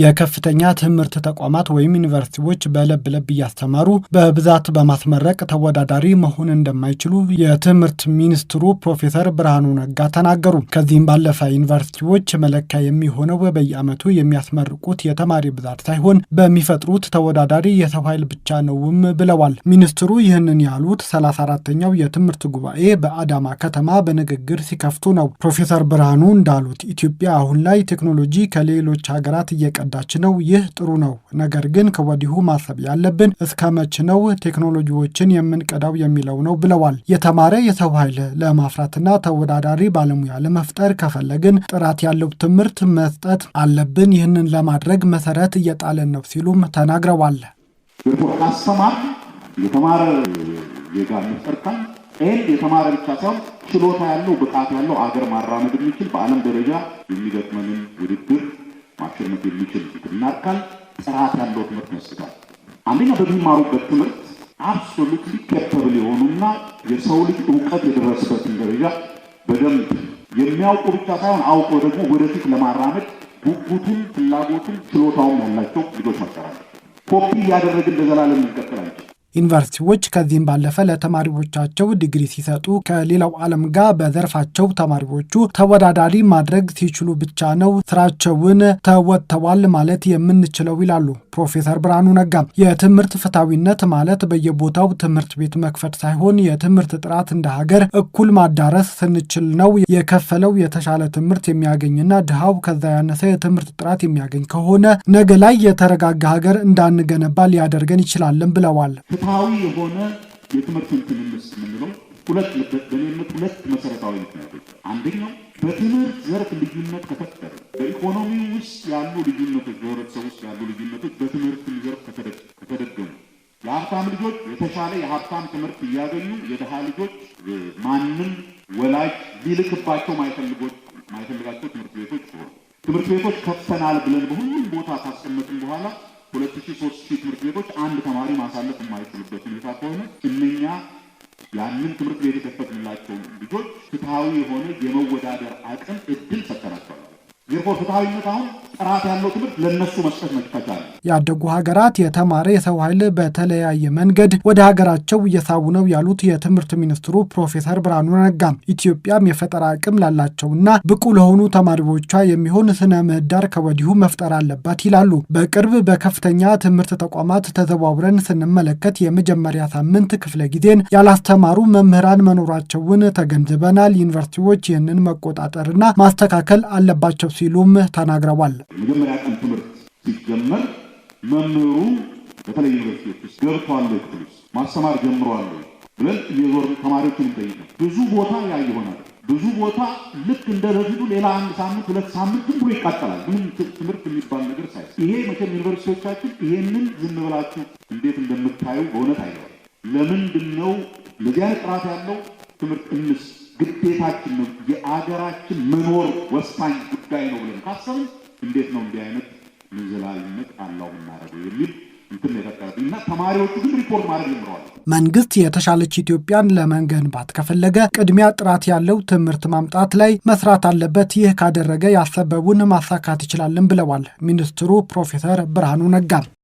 የከፍተኛ ትምህርት ተቋማት ወይም ዩኒቨርሲቲዎች በለብ ለብ እያስተማሩ በብዛት በማስመረቅ ተወዳዳሪ መሆን እንደማይችሉ የትምህርት ሚኒስትሩ ፕሮፌሰር ብርሃኑ ነጋ ተናገሩ። ከዚህም ባለፈ ዩኒቨርሲቲዎች መለኪያ የሚሆነው በየዓመቱ የሚያስመርቁት የተማሪ ብዛት ሳይሆን በሚፈጥሩት ተወዳዳሪ የሰው ኃይል ብቻ ነውም ብለዋል። ሚኒስትሩ ይህንን ያሉት 34ተኛው የትምህርት ጉባኤ በአዳማ ከተማ በንግግር ሲከፍቱ ነው። ፕሮፌሰር ብርሃኑ እንዳሉት ኢትዮጵያ አሁን ላይ ቴክኖሎጂ ከሌሎች ሀገራት እየቀ እየቀዳች ነው። ይህ ጥሩ ነው። ነገር ግን ከወዲሁ ማሰብ ያለብን እስከ መች ነው ቴክኖሎጂዎችን የምንቀዳው የሚለው ነው ብለዋል። የተማረ የሰው ኃይል ለማፍራትና ተወዳዳሪ ባለሙያ ለመፍጠር ከፈለግን ጥራት ያለው ትምህርት መስጠት አለብን። ይህንን ለማድረግ መሰረት እየጣለን ነው ሲሉም ተናግረዋል። አሰማር የተማረ ዜጋ መጠርታል ይህን የተማረ ብቻ ሳይሆን ችሎታ ያለው ብቃት ያለው አገር ማራመድ የሚችል በዓለም ደረጃ የሚገጥመንን ውድድር ማሸነፍ የሚችል እናርካል። ስርዓት ያለው ትምህርት መስቷል። አንደኛ በሚማሩበት ትምህርት አብሶሉትሊ ኬፐብል የሆኑና የሰው ልጅ እውቀት የደረሰበትን ደረጃ በደንብ የሚያውቁ ብቻ ሳይሆን አውቆ ደግሞ ወደፊት ለማራመድ ጉጉቱን፣ ፍላጎቱን፣ ችሎታውን ያላቸው ልጆች መጠራል። ኮፒ እያደረግን ለዘላለም እንቀጥላለን። ዩኒቨርሲቲዎች ከዚህም ባለፈ ለተማሪዎቻቸው ዲግሪ ሲሰጡ ከሌላው ዓለም ጋር በዘርፋቸው ተማሪዎቹ ተወዳዳሪ ማድረግ ሲችሉ ብቻ ነው ስራቸውን ተወጥተዋል ማለት የምንችለው ይላሉ። ፕሮፌሰር ብርሃኑ ነጋ የትምህርት ፍታዊነት ማለት በየቦታው ትምህርት ቤት መክፈት ሳይሆን የትምህርት ጥራት እንደ ሀገር እኩል ማዳረስ ስንችል ነው። የከፈለው የተሻለ ትምህርት የሚያገኝና ድሃው ከዛ ያነሰ የትምህርት ጥራት የሚያገኝ ከሆነ ነገ ላይ የተረጋጋ ሀገር እንዳንገነባ ሊያደርገን ይችላለን ብለዋል። ፍትሐዊ የሆነ የትምህርት እንትን የምንለው ሁለት በእኔ ሁለት መሰረታዊ ምክንያቶች፣ አንደኛው በትምህርት ዘርፍ ልዩነት ከፈጠረ በኢኮኖሚ ውስጥ ያሉ ልዩነቶች፣ በህብረተሰብ ውስጥ ያሉ ልዩነቶች በትምህርት ዘርፍ ከተደገሙ የሀብታም ልጆች የተሻለ የሀብታም ትምህርት እያገኙ የድሃ ልጆች ማንም ወላጅ ሊልክባቸው ማይፈልጋቸው ትምህርት ቤቶች ሆኑ። ትምህርት ቤቶች ከፍተናል ብለን በሁሉም ቦታ ካስቀመጥን በኋላ ሁለት ሺህ ሶስት ሺህ ትምህርት ቤቶች አንድ ተማሪ ማሳለፍ የማይችሉበት ሁኔታ ከሆነ እነኛ ያንን ትምህርት ቤት የተከፈትንላቸው ልጆች ፍትሐዊ የሆነ የመወዳደር አቅም እድል ፈጠራቸዋል። ዜርፎ ፍትሐዊነት አሁን ጥራት ያለው ትምህርት ለነሱ መስጠት መክተቻ ያደጉ ሀገራት የተማረ የሰው ኃይል በተለያየ መንገድ ወደ ሀገራቸው እየሳቡ ነው ያሉት የትምህርት ሚኒስትሩ ፕሮፌሰር ብርሃኑ ነጋ ኢትዮጵያም የፈጠራ አቅም ላላቸውና ብቁ ለሆኑ ተማሪዎቿ የሚሆን ስነ ምህዳር ከወዲሁ መፍጠር አለባት ይላሉ። በቅርብ በከፍተኛ ትምህርት ተቋማት ተዘዋውረን ስንመለከት የመጀመሪያ ሳምንት ክፍለ ጊዜን ያላስተማሩ መምህራን መኖራቸውን ተገንዝበናል። ዩኒቨርሲቲዎች ይህንን መቆጣጠርና ማስተካከል አለባቸው ሲሉም ተናግረዋል። የመጀመሪያ ቀን ትምህርት ሲጀመር መምህሩ በተለይ ዩኒቨርሲቲዎች ውስጥ ገብቷል ክፍል ውስጥ ማስተማር ጀምሯል ብለን እየዞር ተማሪዎችን ይጠይቃል። ብዙ ቦታ ያ ይሆናል። ብዙ ቦታ ልክ እንደ በፊቱ ሌላ አንድ ሳምንት ሁለት ሳምንት ዝም ብሎ ይቃጠላል። ምንም ትምህርት የሚባል ነገር ሳይ ይሄ መቼም ዩኒቨርሲቲዎቻችን ይሄንን ዝም ብላችሁ እንዴት እንደምታዩ በእውነት አይለዋል። ለምንድን ነው ለዚህ ጥራት ያለው ትምህርት እንስ ግዴታችን ነው። የአገራችን መኖር ወሳኝ ጉዳይ ነው ብለን ካሰብን እንዴት ነው እንዲህ አይነት ምንዝላልነት አላው የምናደርገው የሚል መንግስት የተሻለች ኢትዮጵያን ለመገንባት ከፈለገ ቅድሚያ ጥራት ያለው ትምህርት ማምጣት ላይ መስራት አለበት። ይህ ካደረገ ያሰበውን ማሳካት ይችላልን ብለዋል ሚኒስትሩ ፕሮፌሰር ብርሃኑ ነጋ።